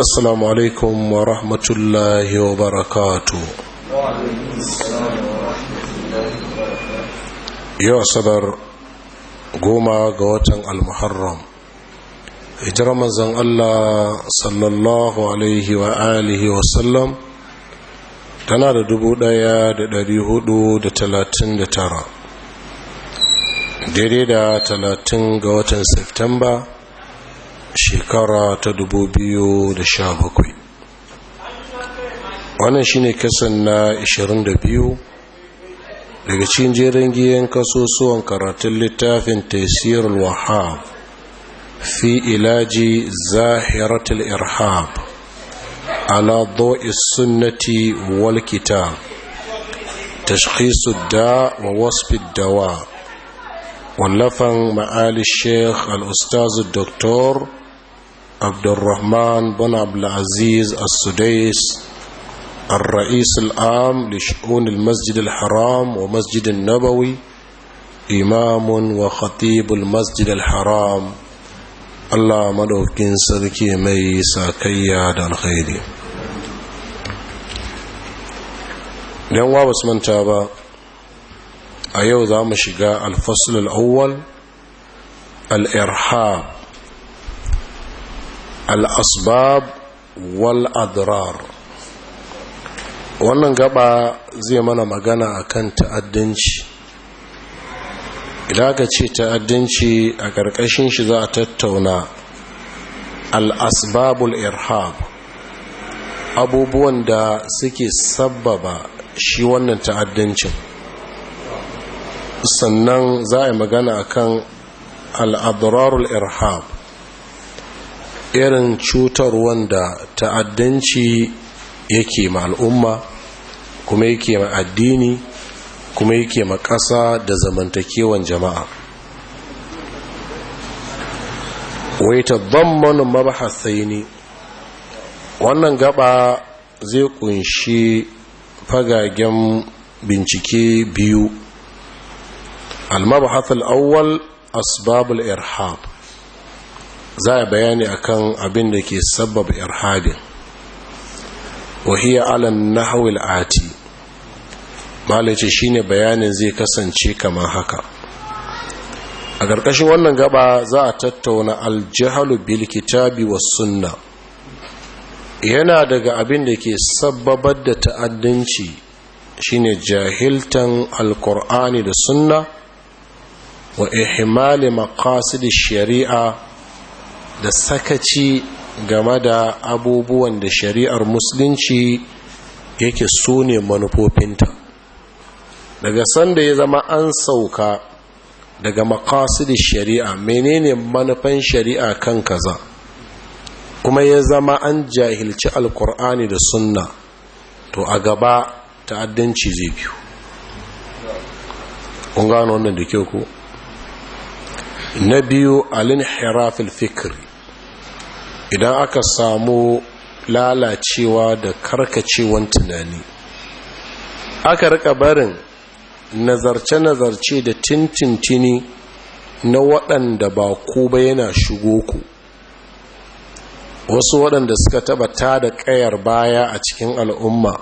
السلام عليكم ورحمة الله وبركاته يا صدر قوما قوتا المحرم اجرم زن الله صلى الله عليه وآله وسلم tana دبو دايا دادي هدو dari hudu da talatin da tara daidai da shekara ta 2017 wannan shine kasan na 22 daga cikin jerin giyan kasusuwan karatun littafin tafsirul wahab fi ilaji zahiratul irhab ala dawi sunnati wal kitab تشخيص الداء ووصف الدواء واللفن معالي الشيخ الأستاذ الدكتور عبد الرحمن بن عبد العزيز السديس الرئيس العام لشؤون المسجد الحرام ومسجد النبوي إمام وخطيب المسجد الحرام الله مدوكين سركي ميسا كياد الخير don wa basu manta ba a yau za mu shiga alfasul al'awwal al'irhab al'asbab wal'adrar wannan gaba zai mana magana akan ta'addanci idan aka ce ta'addanci a ƙarƙashin shi za a tattauna al'asbabul irhab abubuwan da suke sabbaba shi wannan ta'addanci sannan za a yi magana akan al'adrarul irhab irin cutar wanda ta'addanci yake ma al'umma kuma yake ma addini kuma yake ma ƙasa da zamantakewan jama'a wai tabbamman mabahasai ne wannan gaba zai kunshi fagagen bincike biyu al-mabahath al-awwal asbabul irhab za a bayani akan abin da ke sabab irhadin wahiyar na hawil ati malace shine bayanin zai kasance kamar haka a ƙarƙashin wannan gaba za a tattauna aljihalu bil kitabi wa sunna yana daga abin da ke sababar da ta'addanci shine jahiltan alkur'ani da sunna wa ihimali maqasid shari'a da sakaci game da abubuwan da shari'ar musulunci yake so ne manufofinta daga sanda ya zama an sauka daga makasidin shari'a menene manufan shari'a kan kaza kuma ya zama an jahilci alkur'ani da sunna to a gaba ta'addanci zai biyu kun gano wannan da kyau ku. na biyu alin hirafil fikiri. idan aka samu lalacewa da karkacewan tunani aka rika barin nazarce-nazarce da tintintini na waɗanda ba ko ba yana shigo ku wasu waɗanda suka taɓa tada ƙayar baya a cikin al'umma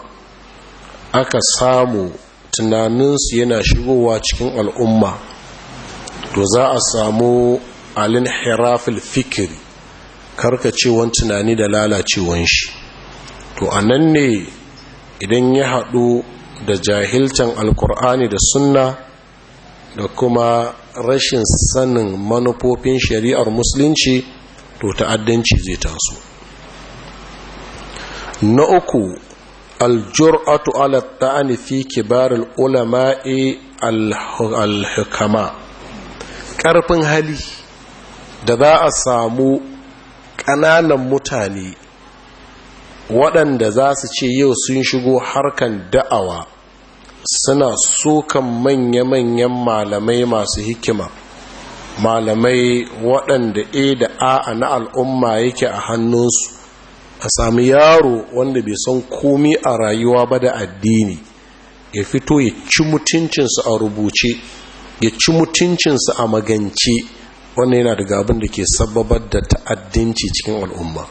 aka samu tunaninsu yana shigowa cikin al'umma to za a samu alin hirafil fikiri karkacewan tunani da lalacewan shi to a nan ne idan ya haɗu da jahiltan alkur'ani da sunna da kuma rashin sanin manufofin shari'ar musulunci to ta'addanci zai taso na uku aljur'atu ala ta'ani fi kibarul ulama'i alhukama ƙarfin hali da za a samu Kananan mutane waɗanda za su ce yau sun shigo harkan da'awa suna sokan manya-manyan malamai masu hikima malamai waɗanda a da a na al'umma yake a hannunsu a sami yaro wanda bai san komi a rayuwa ba da addini ya fito ya ci mutuncinsu a rubuce ya ci mutuncinsu a magance wannan yana daga abin da ke sababar da ta'addinci cikin al'umma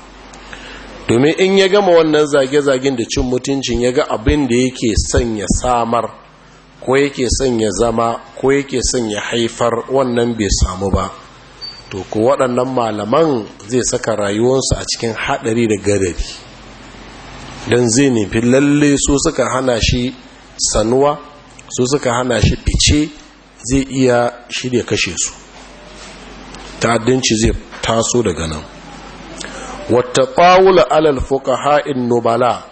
domin in ya gama wannan zage-zagen da cin mutuncin ya ga abin da yake sanya ya samar ko yake son ya zama ko yake son ya haifar wannan bai samu ba to ku waɗannan malaman zai saka rayuwarsu a cikin haɗari da gadari don zai nufi lalle su suka hana shi sanuwa su suka hana shi fice zai iya shirya kashe su ta'addanci zai taso daga nan wata ƙawula alal fuka nubala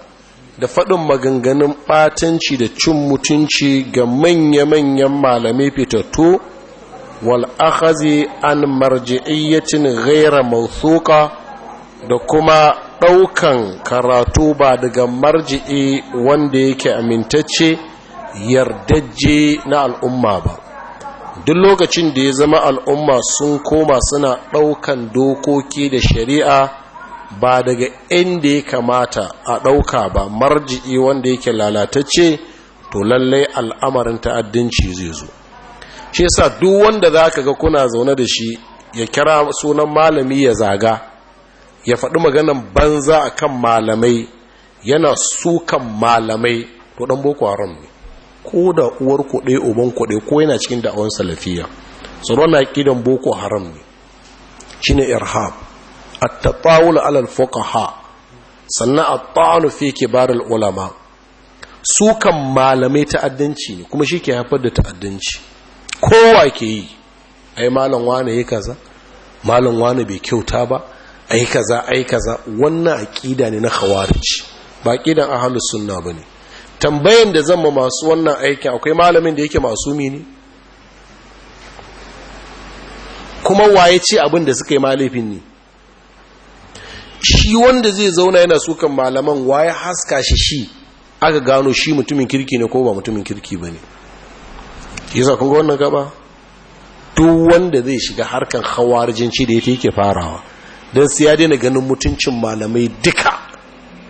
da faɗin maganganun ɓatanci da cin mutunci ga manya-manyan malamai fitattu wal'akhazi an marji'iyyatin ghaira mauthuka da kuma ɗaukan karatu ba daga marji'i wanda yake amintacce yardajje na al'umma ba duk lokacin da ya zama al'umma sun koma suna ɗaukan dokoki da shari'a ba daga inda ya kamata a ɗauka ba marji'i wanda yake lalatacce to lallai al'amarin ta'addinci zai zo shi yasa duk wanda za ka ga kuna zaune da shi ya kira sunan malami ya zaga ya faɗi maganan banza a kan malamai yana sukan malamai to ɗan boko haram ne ko da uwar kuɗe uban kuɗe ko yana cikin da'awar salafiya tsoron na ƙidan boko haram ne shi ne irhab a taɓawul alal sannan a ta'anu fi kibarul ulama sukan malamai ta'addanci ne kuma shi ke haifar da ta'addanci kowa ke yi ai malam wane yi kaza malam wane bai kyauta ba ai kaza ai kaza wannan a aƙida ne na hawarici ba ƙidan ahlus sunna ne. tambayan da zan ma masu wannan aikin akwai malamin da yake masu mini kuma waye ce abin da suka yi malifin ne shi wanda zai zauna yana sukan malaman waye haska shi shi aka gano shi mutumin kirki ne ko ba mutumin kirki ba ne yasa kun ga wannan gaba duk wanda zai shiga harkan hawarijinci da yake yake farawa don siya daina ganin mutuncin malamai duka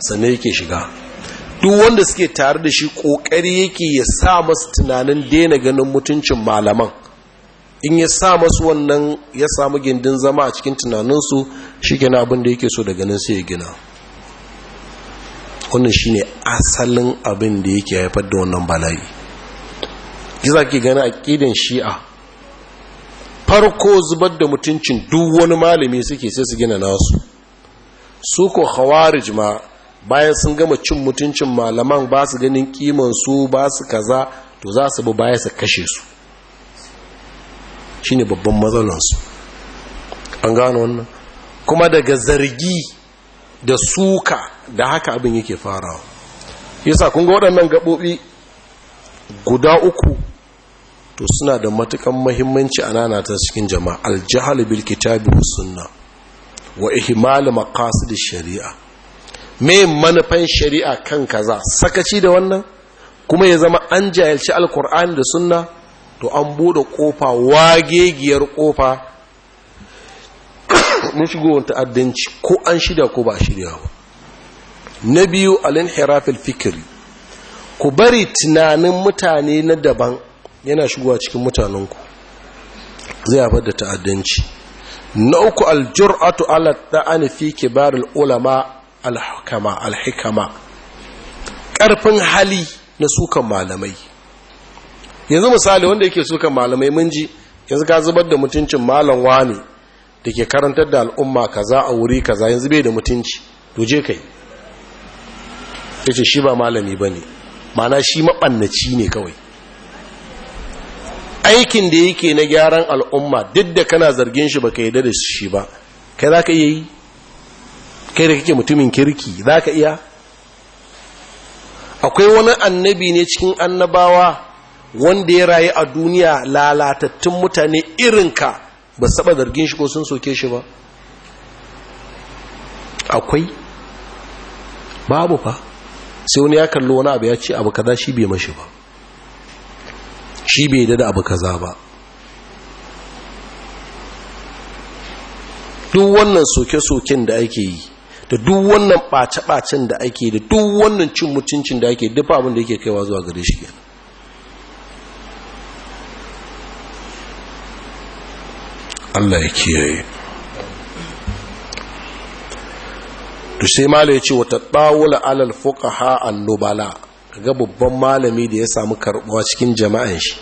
sannan yake shiga duk wanda suke tare da shi kokari yake ya sa masu tunanin daina ganin mutuncin malaman in ya sa masu wannan ya samu gindin zama a cikin tunaninsu shi gina abin da yake so da ganin sai ya gina wannan shi ne asalin abin da yake haifar da wannan bala'i giza ke gani a ƙidin shi'a farko zubar da mutuncin duk wani malami suke sai su gina nasu su ko hawarij ma bayan sun gama cin mutuncin malaman ba su ganin kiman su ba su kaza to za su bi baya su kashe su Shi ne babban matsalansu an gano wannan kuma daga zargi da suka da haka abin yake farawa yasa kun ga waɗannan gaɓoɓi guda uku to suna da matukan mahimmanci a nanata cikin jama'a aljihal bil kitabi sunna wa makasu da shari'a mai manufan shari'a kan kaza sakaci da wannan kuma ya zama an jayalci alkur'ani da sunna to an buɗe kofa wagegiyar kofa mun shigo ta'addanci ko an shirya ko ba shirya ba na biyu al-inhirafil fikri ku bari tunanin mutane na daban yana shigowa cikin mutanenku zai haifar da ta'addanci na uku aljur'atu ala ta'ani fi kibarul ulama alhukama alhikama ƙarfin hali na sukan malamai yanzu misali wanda yake sukan malamai mun ji yanzu ka zubar da mutuncin malam wani da ke karantar da al'umma kaza a wuri kaza yanzu bai da mutunci duje kai ce shi ba malami ba ne, mana shi maɓannaci ne kawai aikin da yake na gyaran al'umma duk da kana zargin shi baka yi da shi ba kai za iya yi kai da kake mutumin kirki za ka iya akwai wani annabi ne cikin annabawa wanda ya rayu a duniya lalatattun mutane irinka ba saba zargin shi ko sun soke shi ba akwai babu fa sai wani ya kalli wani abu ya ce abu kaza shi bai mashi ba shi bai dada abu kaza ba duk wannan soke-soken da ake yi da duk wannan ɓace-ɓacen da ake da duk wannan cin mutuncin da ake duk abin da yake kaiwa zuwa gare shi Allah ya kiyaye to sai mala ya ce wata ɗawula alal fuqaha annubala ga babban malami da ya samu karɓuwa cikin jama'an shi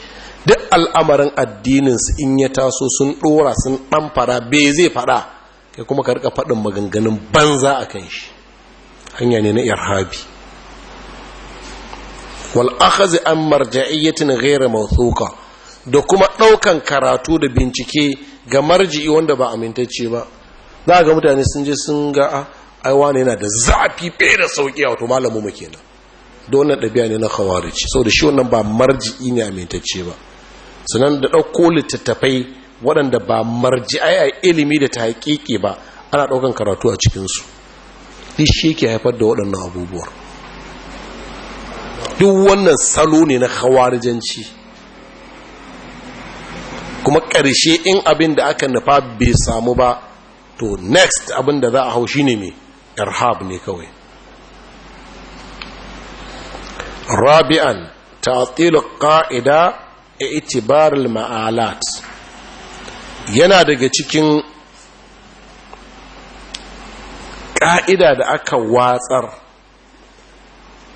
duk al'amarin addininsu in ya taso sun ɗora sun ɗan fara bai zai fara kai kuma ka rika faɗin maganganun banza a kan shi hanya ne na irhabi wal akhazi an marja'iyyatin ghayra mawthuqa da kuma ɗaukan karatu da bincike ga marji'i wanda ba amintacce ba za ga mutane sun je sun ga ah, ai wani yana da zafi fe da sauki a wato malamu mu kenan da wannan ɗabi'a ne na khawarij saboda shi wannan ba marji'i ne amintacce ba sanan da ɗauko littattafai waɗanda ba marji'ai a ilimi da ta haƙiƙi ba ana ɗaukan karatu a cikinsu duk shi ke haifar da waɗannan abubuwan duk wannan salo ne na hawarijanci kuma ƙarshe in abin da aka nufa bai samu ba to next abin da za a haushi ne mai irhab ne kawai rabi'an ƙa'ida qa'ida i'tibar maalat yana daga cikin ƙa'ida da aka watsar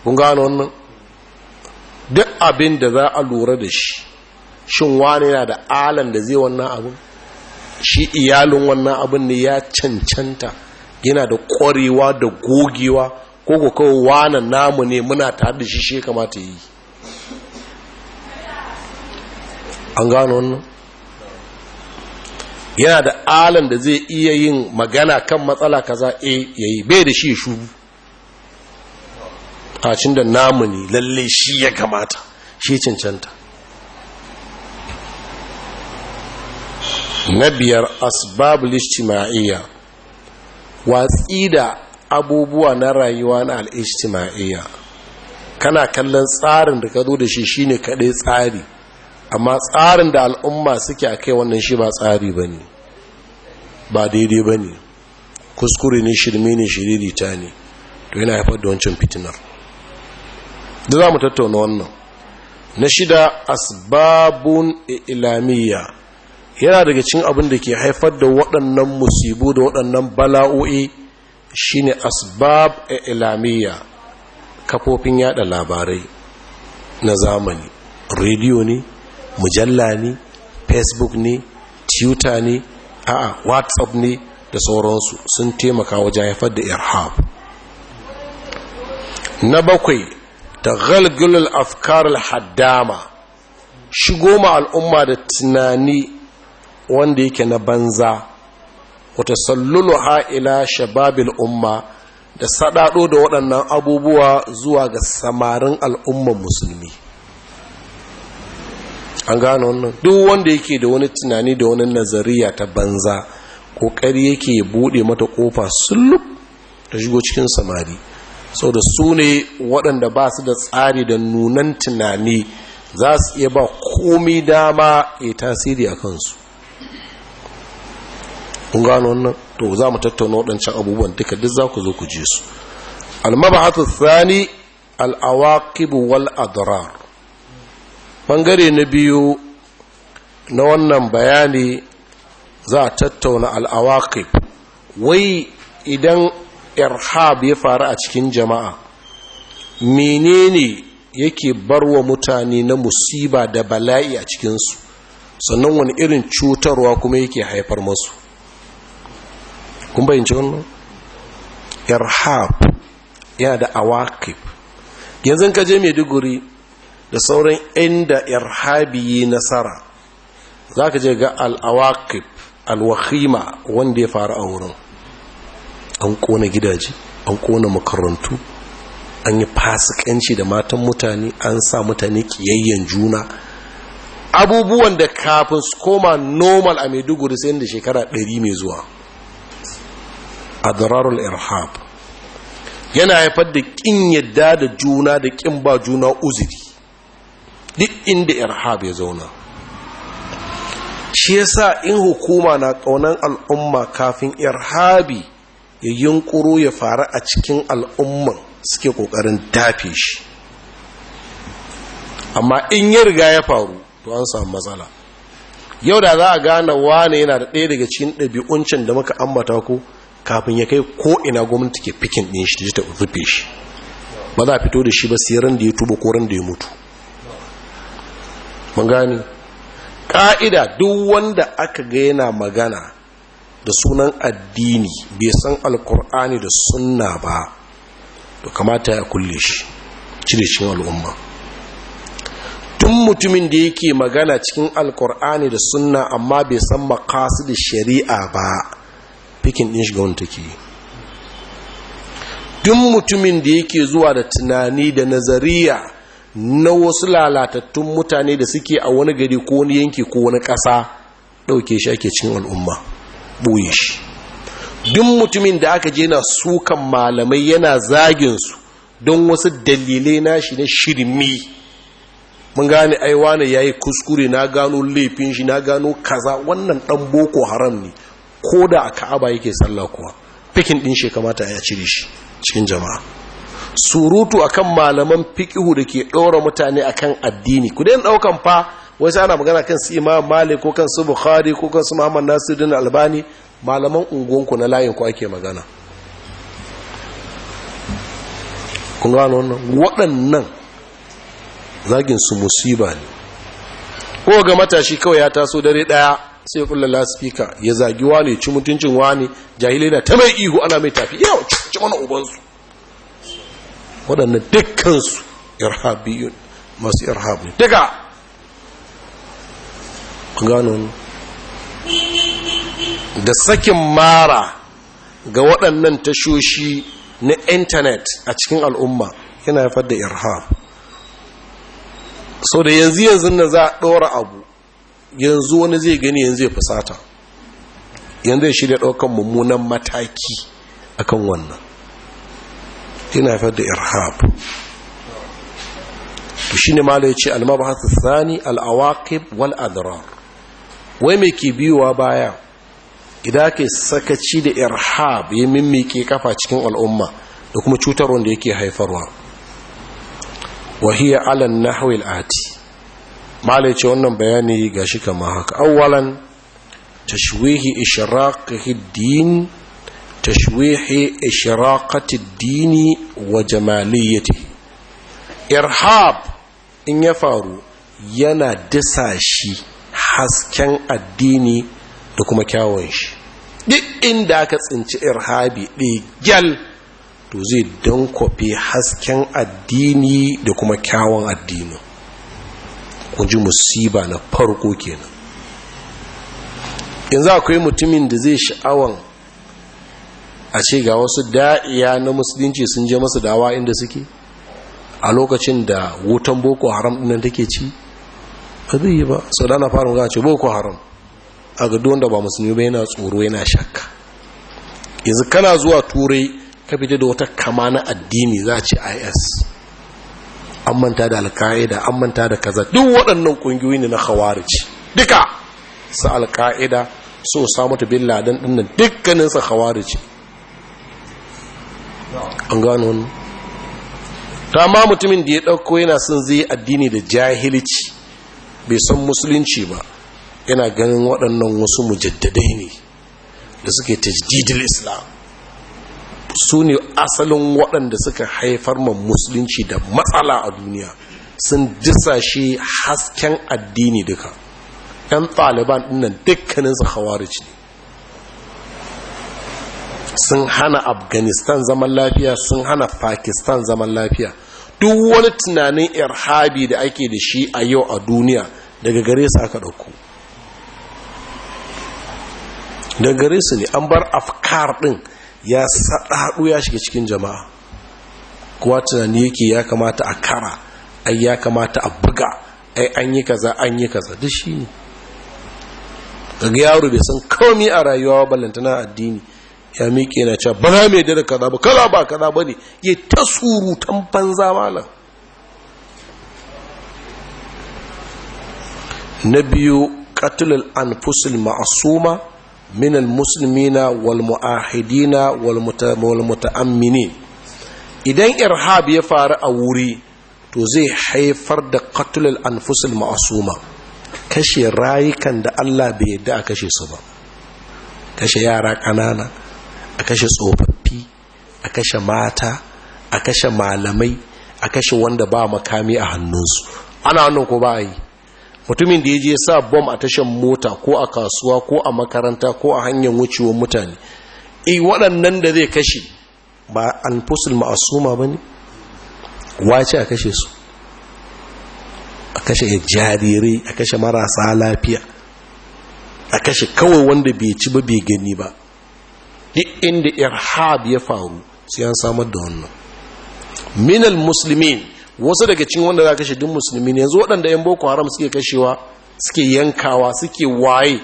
kun gano wannan duk abin da za a lura da shi shin wani yana da alan da zai wannan abin shi iyalin wannan abin ne ya cancanta yana da ƙwarewa da gogewa ko ko kawai wani namu ne muna tare da shi shi kamata yi an gano wannan yana da alan da zai iya yin magana kan matsala kaza e eh, yi bai da shi shubu a cin da namu lalle shi ya kamata shi cancanta na biyar asbabul watsi da abubuwa na rayuwa na al'ishtima'iyya kana kallon tsarin da ka zo da shi shine kaɗai tsari amma tsarin da al'umma suke a kai wannan shi ba tsari ba ne ba daidai ba ne kuskure ne shirme ne shiririta ne to yana haifar da wancan fitinar da za mu tattauna wannan na shida asbabun ilamiyya yana daga cin abin da ke haifar da waɗannan musibu da waɗannan bala'o'i shine asbab ilamiyya kafofin yada labarai na zamani rediyo ne mujalla ne facebook ne twitter ne a'a whatsapp ne da sauransu sun taimaka wajen haifar da irhab na bakwai ta galgulul afkar haddama shigo ma al'umma da tunani wanda yake na banza wata sallulu ha'ila shababil umma da sadado da waɗannan abubuwa zuwa ga samarin al'umman musulmi an gano wannan duk wanda yake da wani tunani da wani nazariya ta banza kokari yake buɗe bude mata kofa sulu ta shigo cikin samari sau da su ne waɗanda ba su da tsari da nunan tunani za su iya ba komi dama ya tasiri a kansu kun gano wannan to za mu tattauna waɗancan abubuwan duka duk za ku zo ku je su almabahatu al al'awakibu wal adrar ɓangare na biyu na wannan bayani za a tattauna al'awaƙif wai idan irhab ya faru a cikin jama'a menene yake barwa mutane na musiba da bala'i a cikinsu sannan wani irin cutarwa kuma yake haifar masu kun ci wannan irhab yana da awakif yanzu ka je maiduguri da sauran inda irhabi nasara za ka je ga al'awakif alwahima wanda ya faru a wurin an kona gidaje an kona makarantu an yi fasikanci da matan mutane an sa mutane kiyayyen juna abubuwan da kafin su koma normal a maiduguri sai da shekara 100 mai zuwa adrarul irhab yana haifar da kin yadda da juna da kin ba juna uzuri duk inda irhab ya zauna shi yasa in hukuma na ƙaunan al'umma kafin irhabi ya yunkuru ya fara a cikin al'umman suke ƙoƙarin tafe shi amma in ya riga ya faru to an samu matsala yau da za a gane wane yana da ɗaya daga cikin ɗabi'uncin da muka ambata ko kafin ya kai ko ina gwamnati ke fikin ɗin shi ta rufe shi ba za a fito da shi ba sai ran da ya tuba ko ran da ya mutu magani ƙa'ida duk wanda aka ga yana magana da sunan addini bai san alkur'ani da sunna ba to kamata ya kulle shi cire shi al'umma tun mutumin da yake magana cikin alkur'ani da sunna amma bai san makasu da shari'a ba fikin ɗin shiga wani take tun mutumin da yake zuwa da tunani da nazariya na wasu lalatattun mutane da suke a wani gari ko wani yanki ko wani ƙasa ɗauke shi ake cin al'umma ɓoye shi duk mutumin da aka je na sukan malamai yana zaginsu don wasu dalilai nashi na shirmi mun gane aiwa ne ya yi kuskure na gano laifin shi na gano kaza wannan ɗan boko haram ne ko da a ka'aba yake sallah kuwa fikin ɗin shi kamata ya cire shi cikin jama'a surutu akan malaman fikihu da ke ɗora mutane akan addini ku dai ɗaukan fa wasu ana magana kan su imam malik ko kan su bukhari ko kan su muhammad nasiruddin albani malaman unguwanku na layin ku ake magana kun gano wannan waɗannan zagin su musiba ne ko ga matashi kawai ya taso dare ɗaya sai kullum laspika ya zagi wani ci mutuncin wani jahilai na ta mai ihu ana mai tafi yau cikin wani ubansu waɗannan dukkansu irhabiyun masu irhab ne duka da sakin mara ga waɗannan tashoshi na intanet a cikin al'umma yana haifar da irhab sau da yanzu yanzu na za a ɗora abu yanzu wani zai gani yanzu ya fusata yanzu ya shirya ɗaukan mummunan mataki akan wannan yana haifar da irhab to shine malai ce al-mabhath thani al-awaqib wal adrar wai me ke biyowa baya idan ke sakaci da irhab ya mimmike kafa cikin al'umma da kuma cutar wanda yake haifarwa wa hiya ala an-nahwi al-ati malai ce wannan bayani gashi kamar haka awwalan tashwihi ishraqi ad-din tashwihi ishraqati dini wa jamaliyyati irhab in ya faru yana dasa shi hasken addini da kuma kyawun shi duk inda aka tsinci irhabi gyal to zai don kwafe hasken addini da kuma kyawun addini kun ji musiba na farko kenan yanzu akwai mutumin da zai sha'awan a ce ga wasu da'iya na musulunci sun je masu dawa inda suke a lokacin da wutan boko haram dinan take ci ba zai yi ba sau da na fara ce boko haram a gado wanda ba musulmi ba yana tsoro yana shakka yanzu kana zuwa turai ka fita da wata kama na addini za a ce is an manta da alka'ida an manta da kaza duk waɗannan ƙungiyoyi ne na khawarici duka su alka'ida so samu ta bin ladan ganinsa dukkaninsa khawarici an gano wani. ta ma mutumin da ya ɗauko yana sun zai addini da jahilci bai san musulunci ba yana ganin waɗannan wasu mujaddadai ne da suke tajjidil islam su ne asalin waɗanda suka haifar ma musulunci da matsala a duniya sun shi hasken addini duka 'yan ɗaliban ɗinnan dukkaninsu hawarici ne sun hana afghanistan zaman lafiya sun hana pakistan zaman lafiya duk wani tunanin irhabi da ake da shi a yau a duniya daga gare su aka ɗauko daga gare su ne an bar afkar ɗin ya saɗaɗu ya shiga cikin jama'a kuwa tunani yake ya kamata a kara ai ya kamata a buga ai an yi kaza an yi kaza duk shi ne daga yaro bai san komi a rayuwa ballantana addini ya miƙe na cewa ba za mai da kaza ba kaza ba kaza ba ne ya ta surutan banza malam na biyu katulul anfusul ma'asuma minal musulmina wal mu'ahidina wal muta'ammini idan irhab ya faru a wuri to zai haifar da katulul anfusul ma'asuma kashe rayukan da Allah bai yadda a kashe su ba kashe yara ƙanana a kashe tsofaffi a kashe mata a kashe malamai a kashe wanda ba makami a hannunsu ana wannan ko ba yi mutumin da ya je sa bom a tashan mota ko a kasuwa ko a makaranta ko a hanyar wucewa mutane e waɗannan da zai kashe ba an alfusul ma'asuma ba ne wace a kashe su a kashe jarirai a kashe marasa lafiya a kashe kawai wanda bai ci ba bai gani ba duk inda irhab ya faru sai an samar da wannan minal muslimin wasu daga cikin wanda za kashe duk musulmi ne yanzu waɗanda yan boko haram suke kashewa suke yankawa suke waye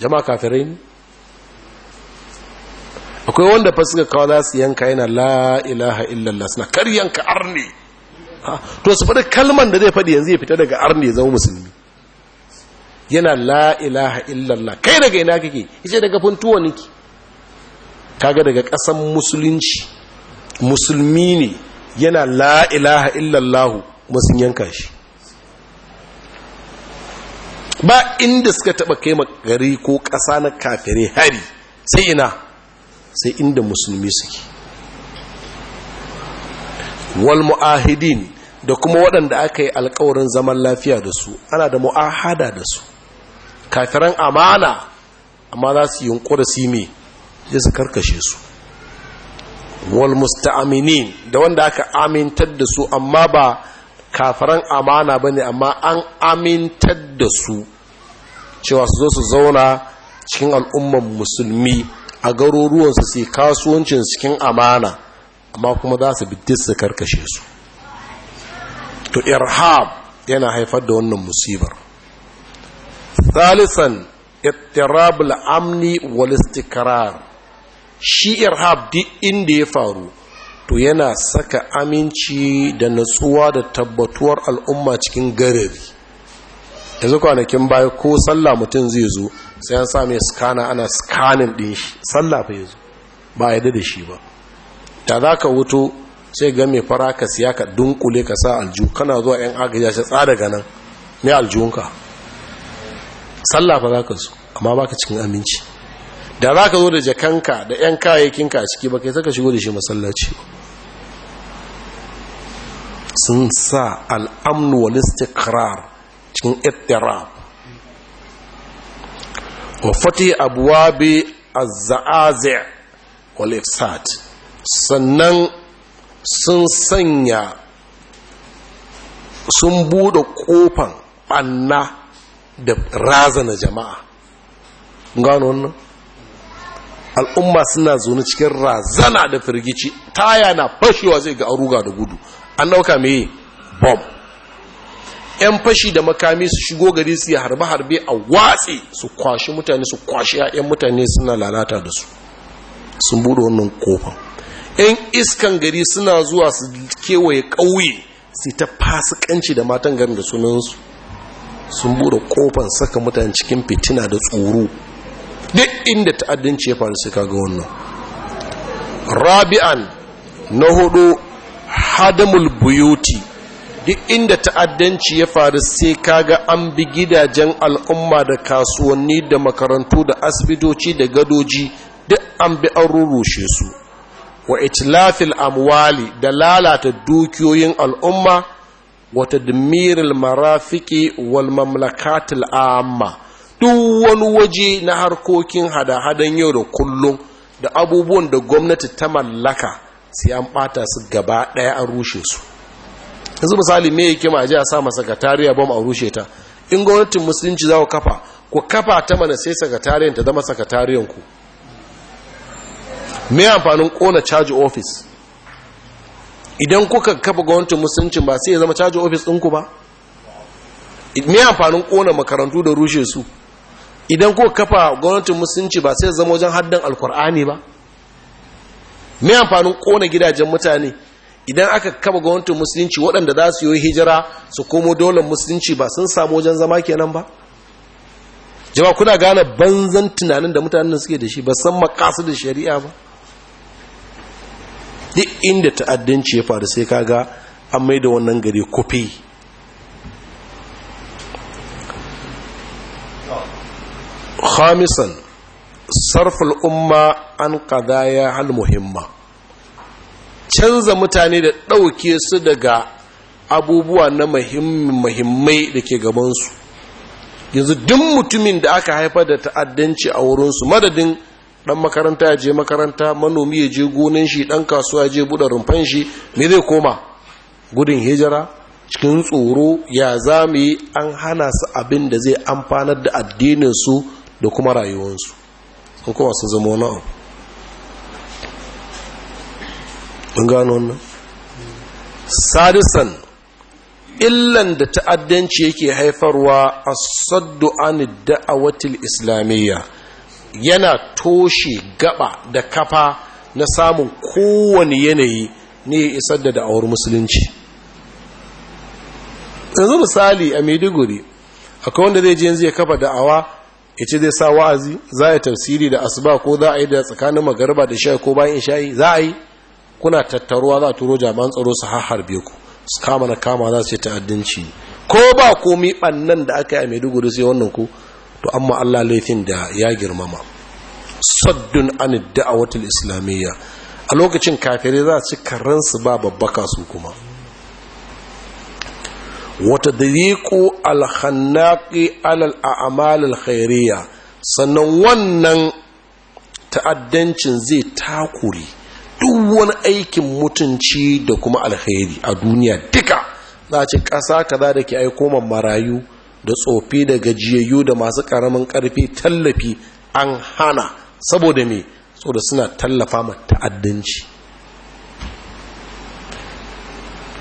jama'a kafirai ne akwai wanda fa suka kawo za su yanka yana la illallah suna kar yanka arne to su faɗi kalman da zai faɗi yanzu ya fita daga arne ya zama musulmi yana la'ilaha ilaha illallah kai daga ina kake yace daga funtuwa niki kaga daga ƙasan musulunci musulmi ne yana lailaha illallahu masu sun yanka shi ba inda suka taɓa kai gari ko ƙasa na kafirai hari sai ina sai inda musulmi suke wal mu'ahidin da kuma waɗanda aka yi alkawarin zaman lafiya da su ana da mu'ahada da su kafiran amana amma za su yi yunkura su yi zai su karkashe su wal musta'aminin da wanda aka amintar da su amma ba kafaran amana ba ne amma an amintar da su cewa su zo su zauna cikin al'ummar musulmi a garuruwansu su kasuwancin cikin amana amma kuma za su su karkashe su to irhab yana haifar da wannan musibar thalisan ittirabul amni wal istikrar shi irhab duk inda ya faru to yana saka aminci da natsuwa da tabbatuwar al'umma cikin garari yanzu kwanakin baya ko sallah mutum zai zo sai an sa skana ana skanin din shi sallah fa yazo ba a da shi ba ta za ka wuto sai ga mai fara ka siya ka dunkule ka sa alju kana zuwa yan agaja shi tsada ganin mai aljunka sallah fa za ka zo amma baka cikin aminci da za ka zo da jakanka da 'yan kayayyakinka a ciki ba kai saka shigo da shi masallaci sun sa al'amnu wal istikrar cikin ittirab wa fati bi a zaazi wal sannan sun sanya sun buɗe kofan ɓanna da razana jama'a gano wannan al'umma suna zaune cikin razana da firgici taya na fashewa zai ga aruga da gudu an dauka mai bom yan fashi da makami su shigo gari su yi harbe-harbe a watsi su kwashi mutane su kwashi 'ya'yan mutane suna lalata da su sun bude wannan kofan yan iskan gari suna zuwa su kewaye ƙauye su ta fasikanci da matan garin da sunansu sun bude kofan saka mutane cikin fitina da tsoro duk inda ta'addanci ya faru suka ga wannan rabi'an na hudu hadamul buyuti duk inda ta'addanci ya faru sai kaga an bi gidajen al'umma da kasuwanni da makarantu da asibitoci da gadoji duk an bi an rurrushe su wa itlafil amwali da lalata dukiyoyin al'umma wata dimirin marafiki wal mamlakatil amma duk wani waje na harkokin hada-hadan yau da kullum da abubuwan da gwamnati ta mallaka sai an bata su gaba daya an rushe su yanzu misali me yake ma a sa masa sakatariya bom a rushe ta in gwamnatin musulunci za ku kafa ku kafa ta mana sai sakatariyan ta zama sakatariyan ku me amfanin kona charge office idan kuka kafa gwamnatin musulunci ba sai ya zama charge office ɗinku ba me amfanin kona makarantu da rushe su idan kuka kafa gwamnatin musulunci ba sai zama wajen haddan alkur'ani ba mai amfanin kona gidajen mutane idan aka kafa gwamnatin musulunci waɗanda za su yi hijira su komo dole musulunci ba sun samu wajen zama kenan ba jama kuna gane banzan tunanin da mutanen suke da shi ba san makasu da shari'a ba duk inda ta'addanci ya faru sai kaga an mai da wannan gari kufi khamisan Sarfal umma an qadaya al muhimma canza mutane da ɗauke su daga abubuwa na muhimmai da ke gabansu yanzu duk mutumin da aka haifar da ta'addanci a wurinsu madadin ɗan makaranta ya je makaranta manomi ya je gonan shi ɗan kasuwa ya je buɗe rumfar shi me zai koma gudun hijira cikin tsoro ya zame an hana su abin da zai amfanar da addinin su da kuma rayuwansu ko kuma su zama wani abu an gano wannan sadisan illan da ta'addanci yake haifarwa a saddu an da'awatil islamiyya yana toshe gaba da kafa na samun kowane yanayi ne isar da da'awar musulunci yanzu misali a maiduguri akwai wanda zai je yanzu ya kafa da'awa ya ce zai sa wa'azi za a yi tafsiri da asuba ko za a yi da tsakanin magarba da sha'i ko bayan sha'i za a yi kuna tattaruwa za a turo jami'an tsaro su harbe ku su kama na kama za su yi ta'addanci ko ba komi ɓannan da aka yi a maiduguri sai wannan ku to amma allah laifin da ya girmama saddun an da'awatul islamiyya a lokacin kafirai za su ci karansu ba babbaka su kuma wata الخناق alhannaki alal a'amalil khairiyya sannan wannan ta'addancin zai takure duk wani aikin mutunci da kuma alheri a duniya duka za ce ƙasa kaza da ke aiko man marayu da tsofi da gajiyayyu da masu ƙaramin ƙarfi tallafi an hana saboda me saboda suna tallafa ma ta'addanci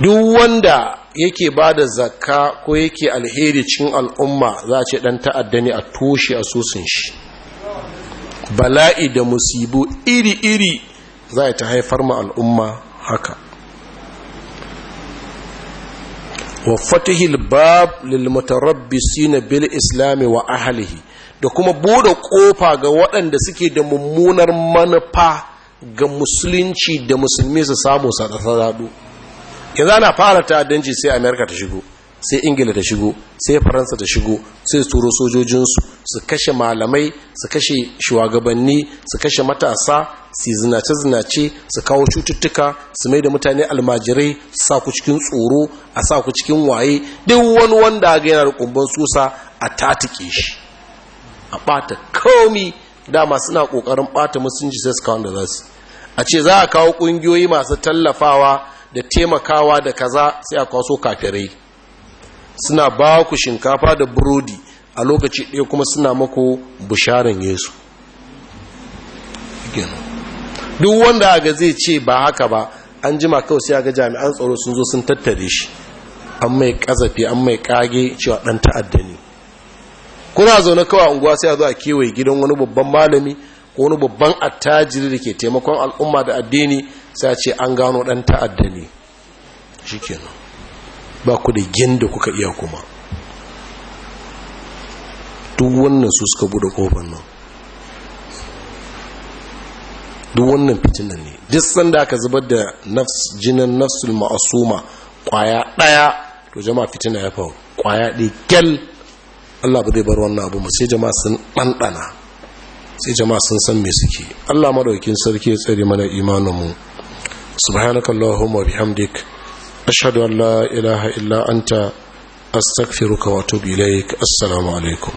duk wanda yake ba da zakka ko yake alheri cikin al'umma za a ce ɗan ta'adda ne a toshe a susun shi bala'i da musibu iri-iri za a ta haifar ma al'umma haka wa fatihil bab lil mutarabbisina bil islami wa ahlihi da kuma bude kofa ga waɗanda suke da mummunar manufa ga musulunci da musulmi su samu sadadu yanzu na fara ta'addanci sai amerika ta shigo sai ingila ta shigo sai faransa ta shigo sai turo sojojinsu su kashe malamai su kashe shugabanni su kashe matasa su zinace-zinace su kawo cututtuka su mai da mutane almajirai sa ku cikin tsoro a sa ku cikin waye duk wani wanda ga yana da kumban tsusa a tatike shi a ɓata komi dama suna ƙoƙarin ɓata musulunci sai su kawo da za su a ce za a kawo ƙungiyoyi masu tallafawa da taimakawa da kaza sai a kwaso kafirai suna ba ku shinkafa da burodi a lokaci ɗaya kuma suna mako bisharin yesu duk wanda aga zai ce ba haka ba an jima kawai sai ga jami'an tsaro sun zo sun tattare shi an mai kazafi an mai kage cewa ɗan ta'adda ne kuna zaune kawai unguwa sai a zo a kewaye gidan wani babban malami ko wani babban attajiri da ke taimakon al'umma da addini sai ce an gano ɗan ta'adda ne shi kenan ba ku da gin da kuka iya kuma duk wannan su suka buɗe kofar nan duk wannan fitinan ne duk sanda aka zubar da jinin nafsul ma'asuma kwaya ɗaya to jama'a fitina ya faru kwaya ɗaya kyal Allah ba zai bar wannan abu sai jama'a sun ɗanɗana sai jama'a sun san me suke Allah madaukin sarki ya tsare mana imanin mu subhanakallahumma bihamdik ashhadu an la ilaha illa anta astaghfiruka wa assalamu alaikum